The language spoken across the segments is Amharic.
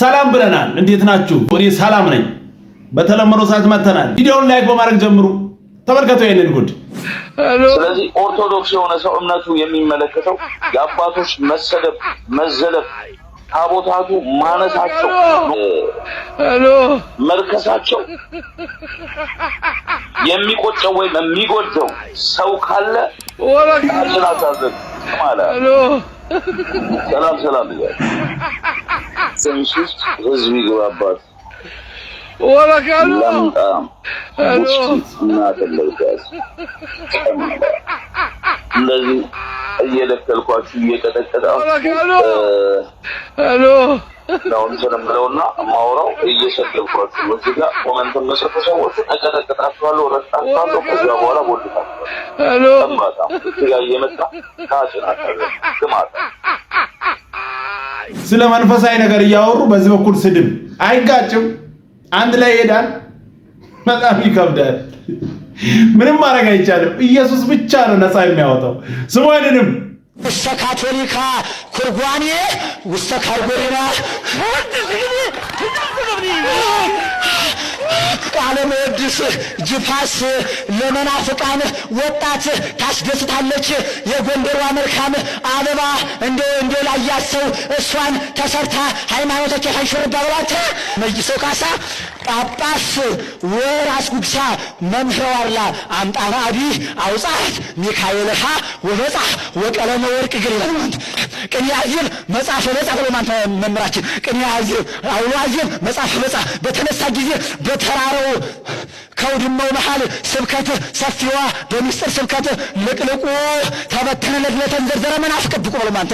ሰላም ብለናል። እንዴት ናችሁ? እኔ ሰላም ነኝ። በተለመደው ሰዓት መተናል። ቪዲዮውን ላይክ በማድረግ ጀምሩ። ተመልከቱ ይሄንን ጉድ። ስለዚህ ኦርቶዶክስ የሆነ ሰው እምነቱ የሚመለከተው የአባቶች መሰደብ፣ መዘለፍ፣ ታቦታቱ ማነሳቸው፣ መርከሳቸው የሚቆጨው ወይም የሚጎደው ሰው ካለ ወላ ሰላም ሰላም እያለ ትንሽ ውስጥ ህዝብ ይግባባት። ለምጣ እንደዚህ እየቀጠቀጣ ለሁንትን ብለውና ማውራው እየሰደብኳቸው እዚህ ጋር ኮመንት መሰጡ ሰዎች ተቀጠቅጣቸዋለሁ፣ ረግጣቸዋለሁ። ከዚያ በኋላ ቦልታቸዋለሁ። እዚህ ጋር እየመጣ ካጭናታ ግማታ ስለ መንፈሳዊ ነገር እያወሩ በዚህ በኩል ስድብ አይጋጭም፣ አንድ ላይ ይሄዳል። በጣም ይከብዳል። ምንም ማድረግ አይቻልም። ኢየሱስ ብቻ ነው ነፃ የሚያወጣው። ስሙ አይድንም ውስተ ካቶሊካ ኩርጓኔ ውስተ ካልጎሪና ቃለ መወድስ ጅፋስ ለመናፍቃን ወጣት ታስደስታለች። የጎንደሯ መልካም አበባ እንደ እንደ ላያት እሷን ተሰርታ ሃይማኖቶች የፈንሽርባ ብሏተ መይሰው ካሳ ጳጳስ ወራስ ጉግሳ መምህር ዋርላ አምጣ ማዕዲ አውጻት ሚካኤልሃ ወበጻ ወቀለመ ወርቅ ግር ማለት ቅኔ አዜብ መጽሐፈ መጽሐፍ ነው ማንተ መምህራችን። ቅኔ አዜብ አውሎ አዜብ መጽሐፈ መጽሐፍ በተነሳ ጊዜ በተራራው ከውድማው መሃል ስብከትህ ሰፊዋ በሚስጥር ስብከትህ ልቅልቁ ተበተነለት ለተንዘርዘረ መናፍቅ ብቁ ብሎ አንተ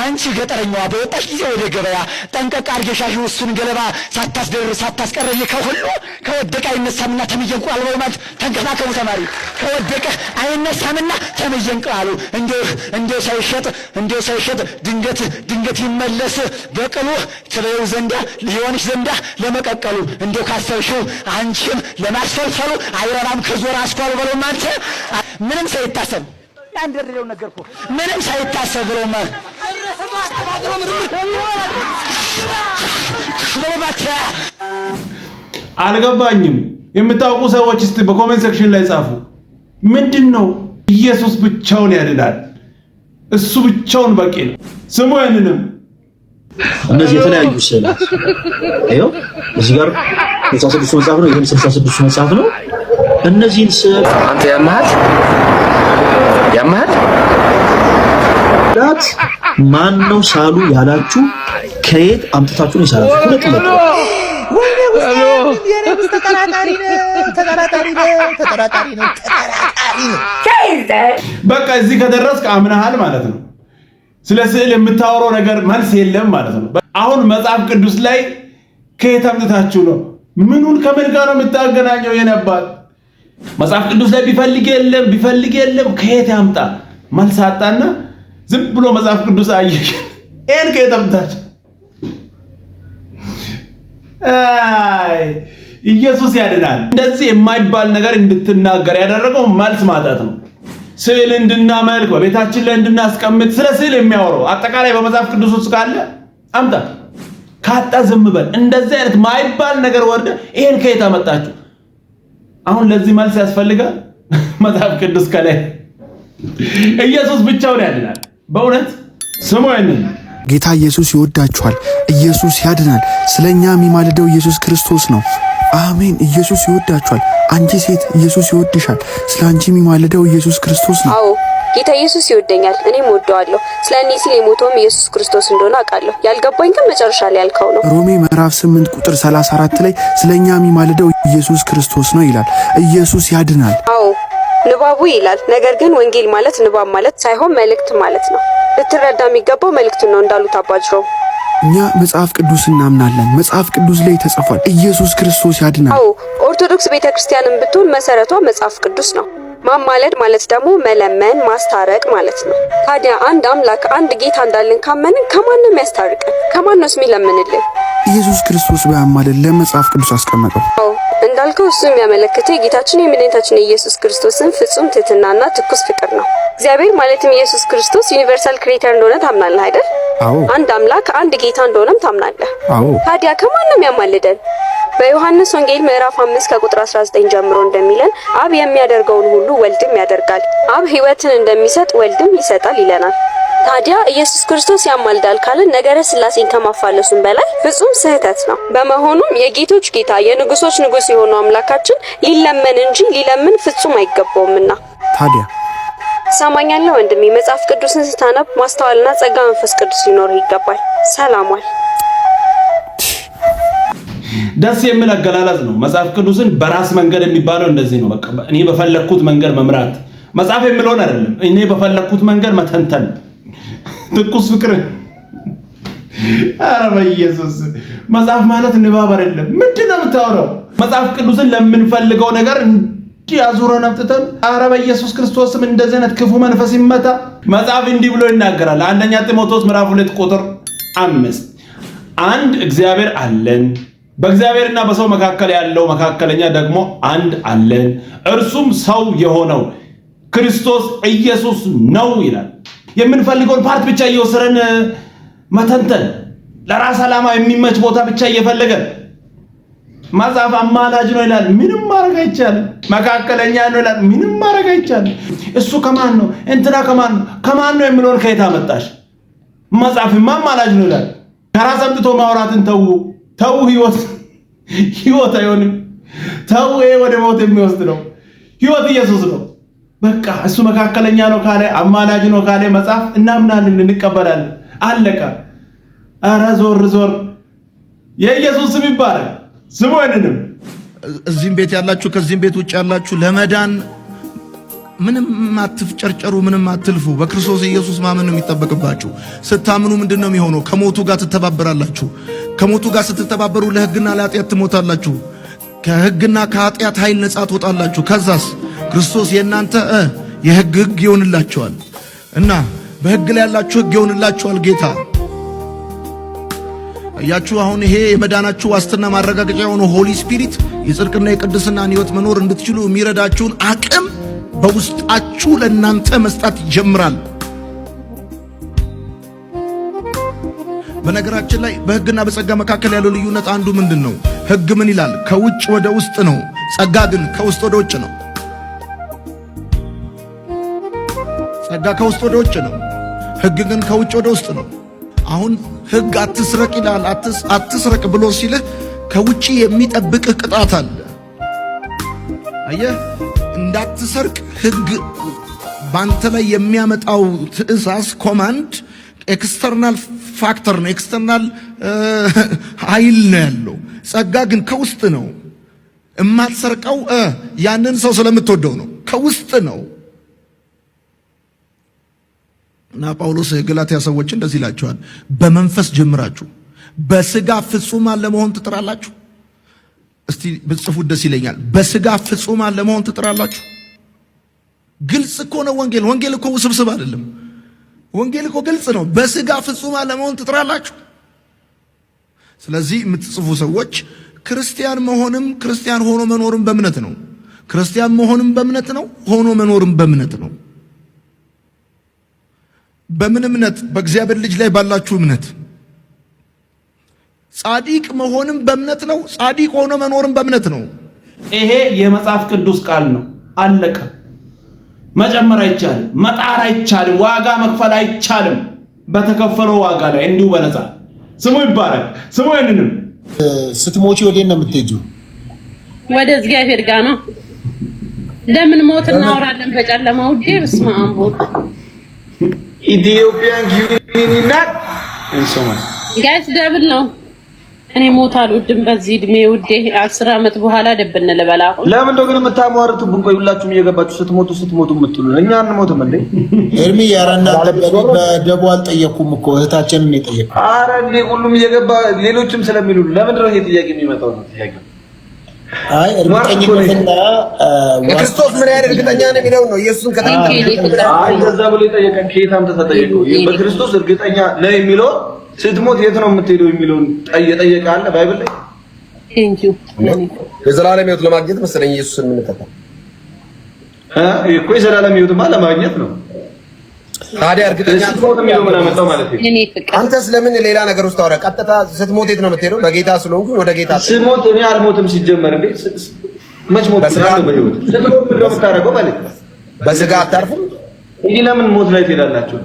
አንቺ ገጠረኛዋ በወጣሽ ጊዜ ወደ ገበያ ጠንቀቅ አርጌሻሽ እሱን ገለባ ሳታስደር ሳታስቀረይ ከሁሉ ከወደቀ አይነሳምና ተመየንቁላሉ ወይ ማለት ተንከባከቡ ተማሪ ከወደቀ አይነሳምና ተመየንቅ አሉ እንዲህ እንዲሁ ሳይሸጥ እንዲሁ ሳይሸጥ ድንገት ድንገት ይመለስ በቅሉ ትለዩ ዘንዳ ሊሆንሽ ዘንዳ ለመቀቀሉ እንዲሁ ካሰብሽው አንቺም ለማስፈልፈሉ አይረባም። ከዞር አስኳል ብሎ ማንተ ምንም ሳይታሰብ ያንደረደው ነገር እኮ ምንም ሳይታሰብ ብሎ አልገባኝም። የምታውቁ ሰዎች እስቲ በኮሜንት ሴክሽን ላይ ጻፉ። ምንድን ነው ኢየሱስ ብቻውን ያድናል? እሱ ብቻውን በቂ ነው። ስሙ ያንንም እነዚህ የተለያዩ ስዕላት ይኸው እዚህ ጋር ስልሳ ስድስቱ መጽሐፍ ነው። ይህም ስልሳ ስድስቱ መጽሐፍ ነው። እነዚህን ስዕል አንተ ያመሃል ያመሃል ዳት ማን ነው ሳሉ ያላችሁ ከየት አምጥታችሁ ነው የሳላችሁ? ሁለት ሁለት በቃ እዚህ ከደረስክ አምናሃል ማለት ነው። ስለ ስዕል የምታወራው ነገር መልስ የለም ማለት ነው። አሁን መጽሐፍ ቅዱስ ላይ ከየት አምጥታችሁ ነው? ምኑን ከምን ጋር ነው የምታገናኘው? የነባር መጽሐፍ ቅዱስ ላይ ቢፈልግ የለም ቢፈልግ የለም ከየት ያምጣ መልስ አጣና ዝም ብሎ መጽሐፍ ቅዱስ አየ። ይህን ከየት አምጥታችሁ አይ ኢየሱስ ያድናል እንደዚህ የማይባል ነገር እንድትናገር ያደረገው መልስ ማጣት ነው። ስዕል እንድናመልክ በቤታችን ላይ እንድናስቀምጥ ስለ ስዕል የሚያወራው አጠቃላይ በመጽሐፍ ቅዱስ ውስጥ ካለ አምጣ፣ ካጣ ዝም በል። እንደዚህ አይነት ማይባል ነገር ወርደ ይሄን ከየት አመጣችሁ? አሁን ለዚህ መልስ ያስፈልጋል። መጽሐፍ ቅዱስ ከላይ ኢየሱስ ብቻውን ያድናል። በእውነት ስሙ ያንን ጌታ ኢየሱስ ይወዳችኋል። ኢየሱስ ያድናል። ስለኛ የሚማልደው ኢየሱስ ክርስቶስ ነው። አሜን። ኢየሱስ ይወዳችኋል። አንቺ ሴት ኢየሱስ ይወድሻል። ስለ አንቺ የሚማልደው ኢየሱስ ክርስቶስ ነው። አዎ ጌታ ኢየሱስ ይወደኛል፣ እኔም ወደዋለሁ። ስለ እኔ ሲል የሞተውም ኢየሱስ ክርስቶስ እንደሆነ አውቃለሁ። ያልገባኝ ግን መጨረሻ ላይ ያልከው ነው። ሮሜ ምዕራፍ 8 ቁጥር 34 ላይ ስለ እኛ የሚማልደው ኢየሱስ ክርስቶስ ነው ይላል። ኢየሱስ ያድናል። አዎ ንባቡ ይላል። ነገር ግን ወንጌል ማለት ንባብ ማለት ሳይሆን መልእክት ማለት ነው። ልትረዳ የሚገባው መልእክቱን ነው እንዳሉት አባጅሮ እኛ መጽሐፍ ቅዱስ እናምናለን። መጽሐፍ ቅዱስ ላይ ተጽፏል፣ ኢየሱስ ክርስቶስ ያድናል። አዎ ኦርቶዶክስ ቤተክርስቲያንም ብትሆን መሰረቷ መጽሐፍ ቅዱስ ነው። ማማለድ ማለት ደግሞ መለመን፣ ማስታረቅ ማለት ነው። ታዲያ አንድ አምላክ አንድ ጌታ እንዳለን ካመንን ከማን ነው የሚያስታርቀን? ከማን ነው የሚለምንልን? ኢየሱስ ክርስቶስ በማማለድ ለመጽሐፍ ቅዱስ አስቀመጠው። እንዳልከው እሱ የሚያመለክተው የጌታችን የመድኃኒታችን የኢየሱስ ክርስቶስን ፍጹም ትህትናና ትኩስ ፍቅር ነው። እግዚአብሔር ማለትም ኢየሱስ ክርስቶስ ዩኒቨርሳል ክሬተር እንደሆነ ታምናለህ አይደል? አዎ። አንድ አምላክ አንድ ጌታ እንደሆነም ታምናለህ? አዎ። ታዲያ ከማን ነው የሚያማልደን? በዮሐንስ ወንጌል ምዕራፍ 5 ከቁጥር 19 ጀምሮ እንደሚለን አብ የሚያደርገውን ሁሉ ወልድም ያደርጋል፣ አብ ሕይወትን እንደሚሰጥ ወልድም ይሰጣል ይለናል። ታዲያ ኢየሱስ ክርስቶስ ያማልዳል ካልን ነገረ ስላሴን ከማፋለሱን በላይ ፍጹም ስህተት ነው። በመሆኑም የጌቶች ጌታ የንጉሶች ንጉስ የሆነው አምላካችን ሊለመን እንጂ ሊለምን ፍጹም አይገባውምና ታዲያ ሰማኛለህ ወንድሜ፣ መጽሐፍ ቅዱስን ስታነብ ማስተዋልና ጸጋ መንፈስ ቅዱስ ሊኖርህ ይገባል። ሰላም ዋል። ደስ የሚል አገላለጽ ነው። መጽሐፍ ቅዱስን በራስ መንገድ የሚባለው እንደዚህ ነው። በቃ እኔ በፈለግኩት መንገድ መምራት መጽሐፍ የሚለውን አይደለም፣ እኔ በፈለግኩት መንገድ መተንተን ትኩስ ፍቅር አረ በኢየሱስ መጽሐፍ ማለት ንባብ አይደለም። ምንድን ነው የምታወራው? መጽሐፍ ቅዱስን ለምንፈልገው ነገር እንዲህ አዙረን አምጥተን፣ አረ በኢየሱስ ክርስቶስም እንደዚህ አይነት ክፉ መንፈስ ይመታ። መጽሐፍ እንዲህ ብሎ ይናገራል። አንደኛ ጢሞቴዎስ ምዕራፍ ሁለት ቁጥር አምስት አንድ እግዚአብሔር አለን በእግዚአብሔርና በሰው መካከል ያለው መካከለኛ ደግሞ አንድ አለን፣ እርሱም ሰው የሆነው ክርስቶስ ኢየሱስ ነው ይላል። የምንፈልገውን ፓርት ብቻ እየወሰደን መተንተን፣ ለራስ ዓላማ የሚመች ቦታ ብቻ እየፈለገን መጽሐፍ አማላጅ ነው ይላል፣ ምንም ማድረግ አይቻልም። መካከለኛ ነው ይላል፣ ምንም ማድረግ አይቻልም። እሱ ከማን ነው እንትና ከማን ነው ከማን ነው የሚለውን ከየት አመጣሽ? መጽሐፍማ አማላጅ ነው ይላል። ከራስ አምጥቶ ማውራትን ተዉ። ተው፣ ህይወት ህይወት አይሆንም። ተው፣ ይሄ ወደ ሞት የሚወስድ ነው። ህይወት ኢየሱስ ነው። በቃ እሱ መካከለኛ ነው ካለ አማላጅ ነው ካለ መጽሐፍ እናምናለን፣ እንቀበላለን። አለቀ። አረ ዞር ዞር። የኢየሱስ ስም ይባላል። ስሙ እዚህም ቤት ያላችሁ ከዚህም ቤት ውጭ ያላችሁ ለመዳን ምንም አትፍጨርጨሩ፣ ምንም አትልፉ። በክርስቶስ ኢየሱስ ማመን ነው የሚጠበቅባችሁ። ስታምኑ ምንድን ነው የሚሆነው? ከሞቱ ጋር ትተባበራላችሁ። ከሞቱ ጋር ስትተባበሩ ለሕግና ለኃጢአት ትሞታላችሁ። ከሕግና ከኃጢአት ኃይል ነጻ ትወጣላችሁ። ከዛስ ክርስቶስ የእናንተ የሕግ ሕግ ይሆንላችኋል እና በሕግ ላይ ያላችሁ ሕግ ይሆንላችኋል ጌታ እያችሁ አሁን ይሄ የመዳናችሁ ዋስትና ማረጋገጫ የሆነው ሆሊ ስፒሪት የጽድቅና የቅድስናን ሕይወት መኖር እንድትችሉ የሚረዳችሁን አቅም በውስጣችሁ ለእናንተ መስጣት ይጀምራል። በነገራችን ላይ በሕግና በጸጋ መካከል ያለው ልዩነት አንዱ ምንድን ነው? ሕግ ምን ይላል? ከውጭ ወደ ውስጥ ነው። ጸጋ ግን ከውስጥ ወደ ውጭ ነው። ጸጋ ከውስጥ ወደ ውጭ ነው። ሕግ ግን ከውጭ ወደ ውስጥ ነው። አሁን ሕግ አትስረቅ ይላል። አትስረቅ ብሎ ሲልህ ከውጭ የሚጠብቅህ ቅጣት አለ። አየህ እንዳትሰርቅ ህግ ባንተ ላይ የሚያመጣው ትእዛዝ ኮማንድ ኤክስተርናል ፋክተር ነው፣ ኤክስተርናል ኃይል ነው ያለው። ጸጋ ግን ከውስጥ ነው። እማትሰርቀው ያንን ሰው ስለምትወደው ነው፣ ከውስጥ ነው። እና ጳውሎስ የገላትያ ሰዎች እንደዚህ ይላቸዋል፣ በመንፈስ ጀምራችሁ በስጋ ፍጹማን ለመሆን ትጥራላችሁ እስቲ ብጽፉ ደስ ይለኛል። በስጋ ፍጹማን ለመሆን ትጥራላችሁ። ግልጽ እኮ ነው ወንጌል። ወንጌል እኮ ውስብስብ አይደለም። ወንጌል እኮ ግልጽ ነው። በስጋ ፍጹማን ለመሆን ትጥራላችሁ። ስለዚህ የምትጽፉ ሰዎች ክርስቲያን መሆንም ክርስቲያን ሆኖ መኖርም በእምነት ነው። ክርስቲያን መሆንም በእምነት ነው፣ ሆኖ መኖርም በእምነት ነው። በምን እምነት? በእግዚአብሔር ልጅ ላይ ባላችሁ እምነት ጻዲቅ መሆንም በእምነት ነው። ጻዲቅ ሆኖ መኖርም በእምነት ነው። ይሄ የመጽሐፍ ቅዱስ ቃል ነው። አለቀ። መጨመር አይቻልም፣ መጣር አይቻልም፣ ዋጋ መክፈል አይቻልም። በተከፈለው ዋጋ ላይ እንዲሁ በነፃ ስሙ ይባላል። ስሙ ይንንም ስትሞቺ ወዴት ነው የምትሄጂው? ወደ እግዚአብሔር ጋር ነው። ለምን ሞት እናወራለን በጨለማ ውዴ? በስመ አብ ኢትዮጵያን ጊዩኒናት እንሶማ ጋይስ ደብል ነው እኔ ሞት አልወድም በዚህ እድሜ ውዴ፣ አስር አመት በኋላ ደብን ልበላ። ለምን እንደው ግን የምታሟርቱብን? ቆይ ሁላችሁም እየገባችሁ ስትሞቱ ስትሞቱ የምትሉ እኛ አንሞትም እንዴ? እድሜ ያረና በደቡ አልጠየኩም እኮ እህታችንን የጠየቅኩት። አረ ሁሉም እየገባ ሌሎችም ስለሚሉ ለምንድን ነው ይሄ ጥያቄ የሚመጣው? ነው ጥያቄ ክርስቶስ ምን ያህል እርግጠኛ ነው የሚለው ነው። ኢየሱስን ከተጠየቀ አይ እንደዛ ብሎ የጠየቀን ከየት አምጥተህ ተጠየቀው? በክርስቶስ እርግጠኛ ነው የሚለው ስትሞት የት ነው የምትሄደው የሚለውን የጠየቀ አለ ባይብል ላይ። የዘላለም ሕይወት ለማግኘት መሰለኝ ኢየሱስ የምንከተል እኮ የዘላለም ሕይወትማ ለማግኘት ነው። ታዲያ እርግጠኛ አንተ ስለምን ሌላ ነገር ውስጥ አወራ? ቀጥታ ስትሞት የት ነው የምትሄደው? በጌታ ስለሆንኩ ወደ ጌታ ስሞት እኔ አልሞትም። ሲጀመር እንዴ መች ሞት የምታደርገው ማለት በስጋ አታርፍም። እንዲህ ለምን ሞት ላይ ትሄዳላችሁ?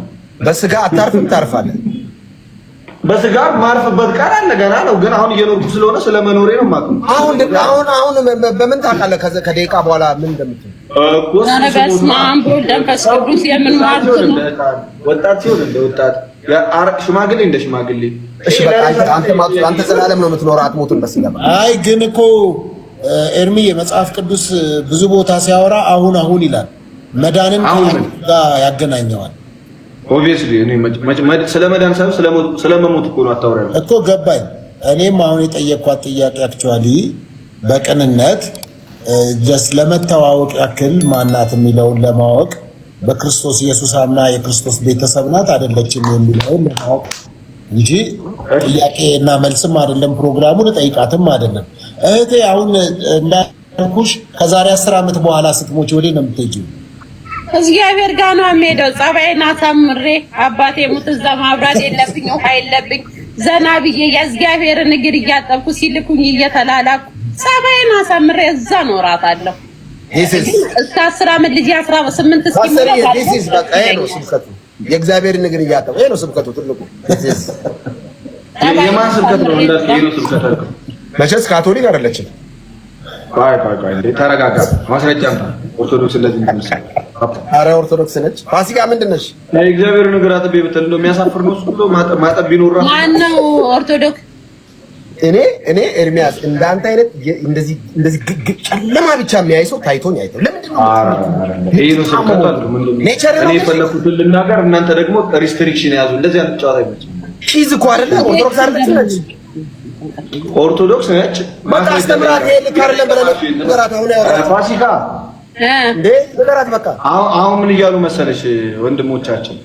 በስጋ አታርፍም፣ ታርፋለህ በስጋ ማርፍበት ቀን አለ ገና ነው። ግን አሁን እየኖርኩ ስለሆነ ስለመኖሬ ነው የማውቀው። አሁን አሁን አሁን በምን ታውቃለህ? ከደቂቃ በኋላ ምን እንደምትሆን ወጣት ሲሆን እንደ ወጣት፣ ሽማግሌ እንደ ሽማግሌ። እሺ በቃ አንተ ዘላለም ነው የምትኖረው፣ አትሞትም። አይ ግን እኮ ኤርሚ የመጽሐፍ ቅዱስ ብዙ ቦታ ሲያወራ አሁን አሁን ይላል። መዳንን ያገናኘዋል ኦብቪየስሊ እኔ ስለ ሳይሆን ስለመሞት እኮ ነው አታወራ እኮ ገባኝ። እኔም አሁን የጠየኳት ጥያቄ አክቹዋሊ በቅንነት ጀስት ለመተዋወቅ ያክል ማናት የሚለውን ለማወቅ በክርስቶስ ኢየሱስ አምና የክርስቶስ ቤተሰብ ናት አይደለችም የሚለውን ለማወቅ እንጂ ጥያቄ እና መልስም አይደለም ፕሮግራሙ፣ ልጠይቃትም አይደለም። እህቴ አሁን እንዳልኩሽ ከዛሬ አስር ዓመት በኋላ ስትሞች ወዴት ነው የምትሄጂው? እግዚአብሔር ጋር ነው የምሄደው። ጸባይና አባቴ ሙት እዛ ማብራት የለብኝ ውሃ የለብኝ ዘና ብዬ የእግዚአብሔርን እግር እያጠብኩ ሲልኩኝ እየተላላኩ ጸባይና ታምሬ እዛ ነው እስከ አስር አመት ልጅ አስራ ስምንት የእግዚአብሔርን እግር እያጠብኩ ይሄ ነው ስብከቱ ትልቁ። የማን ስብከት ነው? መቼስ ካቶሊክ አይደለችም። ተረጋጋ። ማስረጃ ኦርቶዶክስ ነት ይመስል አረ ኦርቶዶክስ ነች። ፋሲካ ምንድን ነሽ? የእግዚአብሔር ነገር አጥቤ ብትል ነው የሚያሳፍር ነው። እሱ ብሎ ማጠብ ቢኖር ማን ነው ኦርቶዶክስ? እኔ እኔ ኤርሚያስ እንዳንተ አይነት እንደዚህ እንደዚህ ግግ ጨለማ ብቻ የሚያይ ሰው ታይቶኝ አይተው። ለምንድን ነው ይሄ ነው ስብከቷል? እኔ የፈለኩትን ልናገር፣ እናንተ ደግሞ ሪስትሪክሽን ያዙ። እንደዚህ አይነት ጨዋታ አይመችም። ሺዝ እኮ አይደለ ኦርቶዶክስ አይደለች ነች ኦርቶዶክስ ነች። በቃ አስተምራት ይሄ ልክ አይደለም ብለህ ፋሲካ ንገራት በቃ። አሁን ምን እያሉ መሰለሽ ወንድሞቻችን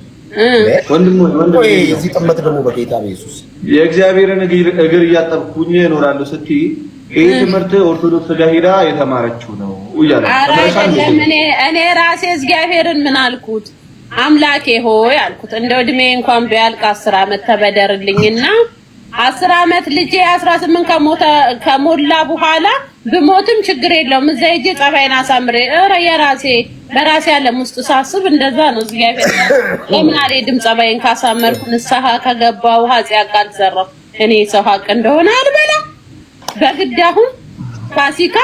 እዚህ ጥመት ደግሞ በጌታ በኢየሱስ የእግዚአብሔርን እግር እያጠብኩኝ እኖራለሁ ስትይ ይህ ትምህርት ኦርቶዶክስ ጋር ሄዳ የተማረችው ነው እያለ እኔ ራሴ እግዚአብሔርን ምን አልኩት? አምላኬ ሆይ አልኩት እንደው እድሜ እንኳን ቢያልቅ አስር አመት ተበደርልኝና አስር አመት ልጄ አስራ ስምንት ከሞተ ከሞላ በኋላ ብሞትም ችግር የለውም። እዛ ሄጄ ጸባይን አሳምሬ ኧረ የራሴ በራሴ ዓለም ውስጥ ሳስብ እንደዛ ነው። እግዚአብሔር ለምን አልሄድም? ጸባይን ካሳመርኩ ንስሐ ከገባው ኃጢአት ካልሰራሁ እኔ ሰው ሀቅ እንደሆነ አልበላ በግድ አሁን ፋሲካ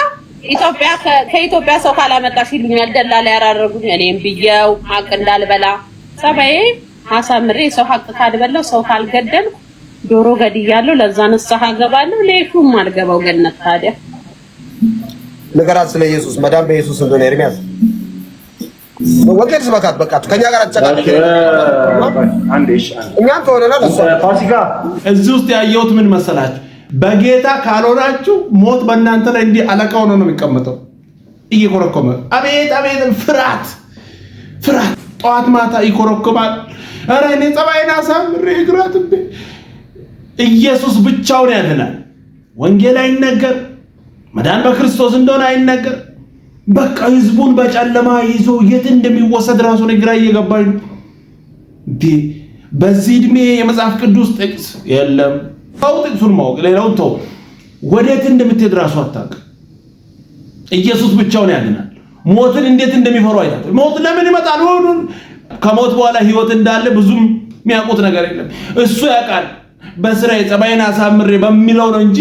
ኢትዮጵያ ከኢትዮጵያ ሰው ካላመጣሽ ይሉኛል፣ ደላላ ያራረጉኝ። እኔም ብየው ሀቅ እንዳልበላ ጸባዬ አሳምሬ ሰው ሀቅ ካልበላው ሰው ካልገደልኩ ዶሮ ገድያለሁ፣ ለዛ ንስሐ ገባለሁ። ለይቱም አልገባው ገነት። ታዲያ ንገራት ስለ ኢየሱስ መዳም በኢየሱስ እንደሆነ ኤርሚያስ ወገድ ስበካት በቃ ከኛ ጋር አትጨቃጨቅ። እኛም ተወለና ፋሲካ እዚህ ውስጥ ያየሁት ምን መሰላችሁ? በጌታ ካልሆናችሁ ሞት በእናንተ ላይ እንዲህ አለቃ ሆኖ ነው የሚቀመጠው፣ እየኮረኮመ አቤት አቤት፣ ፍርሃት ፍርሃት፣ ጠዋት ማታ ይኮረኮማል። ኧረ እኔ ጸባይን አሳምሬ እንዴ ኢየሱስ ብቻውን ያድናል። ወንጌል አይነገር፣ መዳን በክርስቶስ እንደሆነ አይነገር። በቃ ህዝቡን በጨለማ ይዞ የት እንደሚወሰድ ራሱ ግራ እየገባኝ ነው። በዚህ እድሜ የመጽሐፍ ቅዱስ ጥቅስ የለም። ሰው ጥቅሱን ማወቅ ሌላውን ተው፣ ወዴት እንደምትሄድ ራሱ አታውቅም። ኢየሱስ ብቻውን ያድናል። ሞትን እንዴት እንደሚፈሩ አይታት። ሞት ለምን ይመጣል? ከሞት በኋላ ህይወት እንዳለ ብዙም የሚያውቁት ነገር የለም። እሱ ያውቃል። በስራ የጸባይን አሳምሬ በሚለው ነው እንጂ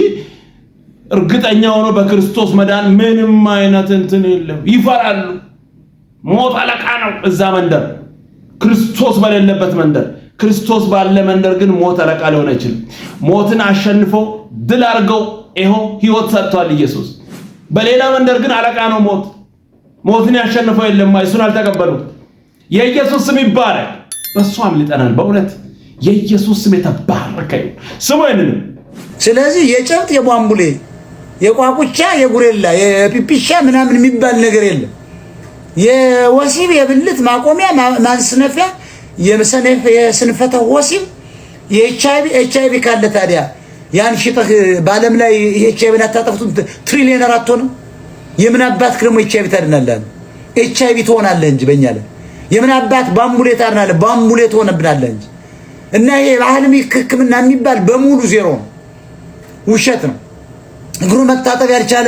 እርግጠኛ ሆኖ በክርስቶስ መዳን ምንም አይነት እንትን የለም። ይፈራሉ። ሞት አለቃ ነው። እዛ መንደር ክርስቶስ በሌለበት መንደር ክርስቶስ ባለ መንደር ግን ሞት አለቃ ሊሆን አይችልም። ሞትን አሸንፎ ድል አድርገው ይኸው ህይወት ሰጥቷል ኢየሱስ። በሌላ መንደር ግን አለቃ ነው ሞት። ሞትን ያሸንፈው የለም። እሱን አልተቀበሉም። የኢየሱስ ስም ይባረክ። በእሱ አምልጠናል በእውነት የኢየሱስ ስም የተባረከ ይሁን። ስሙ ይህንንም። ስለዚህ የጨብጥ የቧንቡሌ የቋቁቻ የጉሬላ የፒፒሻ ምናምን የሚባል ነገር የለም። የወሲብ የብልት ማቆሚያ ማንስነፊያ የስንፈተ ወሲብ የኤች አይቪ ካለ ታዲያ ያን ሽጠህ በዓለም ላይ የኤች አይቪን አታጠፍቱም። ትሪሊየን አራቶ ነው። የምን አባት ደግሞ ኤች አይቪ ታድናለህ? ኤች ትሆናለህ እንጂ በእኛ ላይ የምን አባት ባምቡሌ ታድናለህ? ባምቡሌ ትሆነብናለህ እንጂ እና ይሄ ባህል ሕክምና የሚባል በሙሉ ዜሮ ነው፣ ውሸት ነው። እግሩ መታጠብ ያልቻለ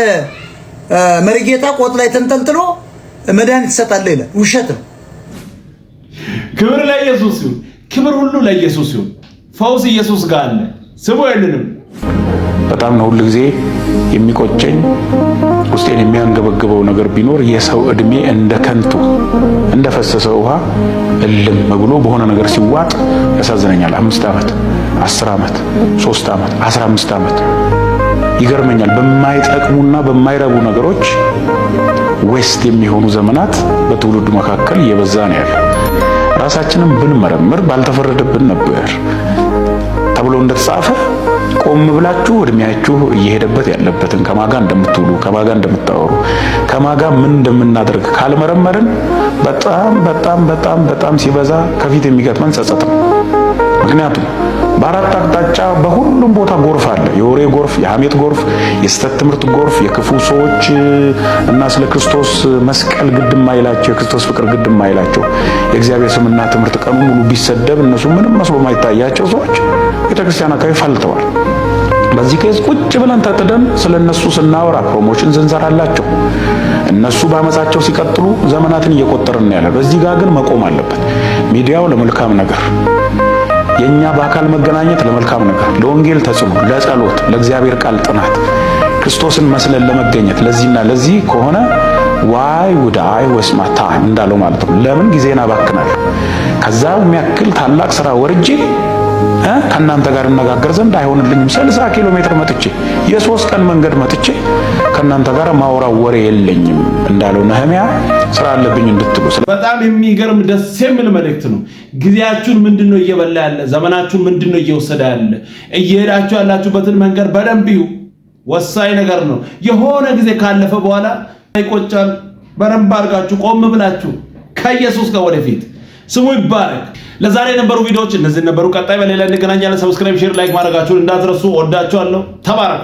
መርጌታ ቆጥ ላይ ተንጠልጥሎ መድኃኒት ትሰጣለህ ይላል፣ ውሸት ነው። ክብር ለኢየሱስ ይሁን፣ ክብር ሁሉ ለኢየሱስ ይሁን። ፈውስ ኢየሱስ ጋር አለ። ስሙ የለንም በጣም ነው ሁል ጊዜ የሚቆጨኝ ውስጤን የሚያንገበግበው ነገር ቢኖር የሰው እድሜ እንደ ከንቱ እንደ ፈሰሰ ውሃ እልም ብሎ በሆነ ነገር ሲዋጥ ያሳዝነኛል። አምስት ዓመት፣ አስር ዓመት፣ ሶስት ዓመት፣ አስራ አምስት ዓመት ይገርመኛል። በማይጠቅሙና በማይረቡ ነገሮች ዌስት የሚሆኑ ዘመናት በትውልዱ መካከል እየበዛ ነው ያለ። ራሳችንም ብንመረምር ባልተፈረደብን ነበር ተብሎ እንደተጻፈ ቆም ብላችሁ እድሜያችሁ እየሄደበት ያለበትን ከማጋ እንደምትውሉ ከማጋ እንደምታወሩ ከማጋ ምን እንደምናደርግ ካልመረመርን በጣም በጣም በጣም በጣም ሲበዛ ከፊት የሚገጥመን ጸጸት ነው። ምክንያቱም በአራት አቅጣጫ በሁሉም ቦታ ጎርፍ አለ። የወሬ ጎርፍ፣ የሐሜት ጎርፍ፣ የስተት ትምህርት ጎርፍ፣ የክፉ ሰዎች እና ስለ ክርስቶስ መስቀል ግድ ማይላቸው የክርስቶስ ፍቅር ግድ ማይላቸው የእግዚአብሔር ስምና ትምህርት ቀኑ ሙሉ ቢሰደብ እነሱ ምንም መስሎ ማይታያቸው ሰዎች ቤተክርስቲያን አካባቢ ፈልተዋል። በዚህ ኬዝ ቁጭ ብለን ተጥደን ስለ እነሱ ስናወራ ፕሮሞሽን ዝንሰራላቸው እነሱ ባመጻቸው ሲቀጥሉ ዘመናትን እየቆጠርን ያለ። በዚህ ጋር ግን መቆም አለበት። ሚዲያው ለመልካም ነገር፣ የኛ በአካል መገናኘት ለመልካም ነገር፣ ለወንጌል ተጽዕኖ፣ ለጸሎት፣ ለእግዚአብሔር ቃል ጥናት፣ ክርስቶስን መስለን ለመገኘት ለዚህና ለዚህ ከሆነ ዋይ ውድ አይ ወስማ ታይም እንዳለው ማለት ነው። ለምን ጊዜን አባክናለሁ? ከዛ የሚያክል ታላቅ ስራ ወርጄ ከእናንተ ጋር እነጋገር ዘንድ አይሆንልኝም። ስልሳ ኪሎ ሜትር መጥቼ የሶስት ቀን መንገድ መጥቼ ከእናንተ ጋር ማውራው ወሬ የለኝም እንዳለው ነህሚያ ስራ አለብኝ እንድትሉ። በጣም የሚገርም ደስ የሚል መልእክት ነው። ጊዜያችሁን ምንድነው እየበላ ያለ? ዘመናችሁን ምንድነው እየወሰደ ያለ? እየሄዳችሁ ያላችሁበትን መንገድ በደንብ ይዩ። ወሳኝ ነገር ነው። የሆነ ጊዜ ካለፈ በኋላ ይቆጫል። በደንብ አድርጋችሁ ቆም ብላችሁ ከኢየሱስ ጋር ወደፊት ስሙ ይባረክ። ለዛሬ የነበሩ ቪዲዮዎች እነዚህ ነበሩ። ቀጣይ በሌላ እንገናኛለን። ሰብስክራይብ፣ ሼር፣ ላይክ ማድረጋችሁን እንዳትረሱ። ወዳችኋለሁ። ተባረኩ።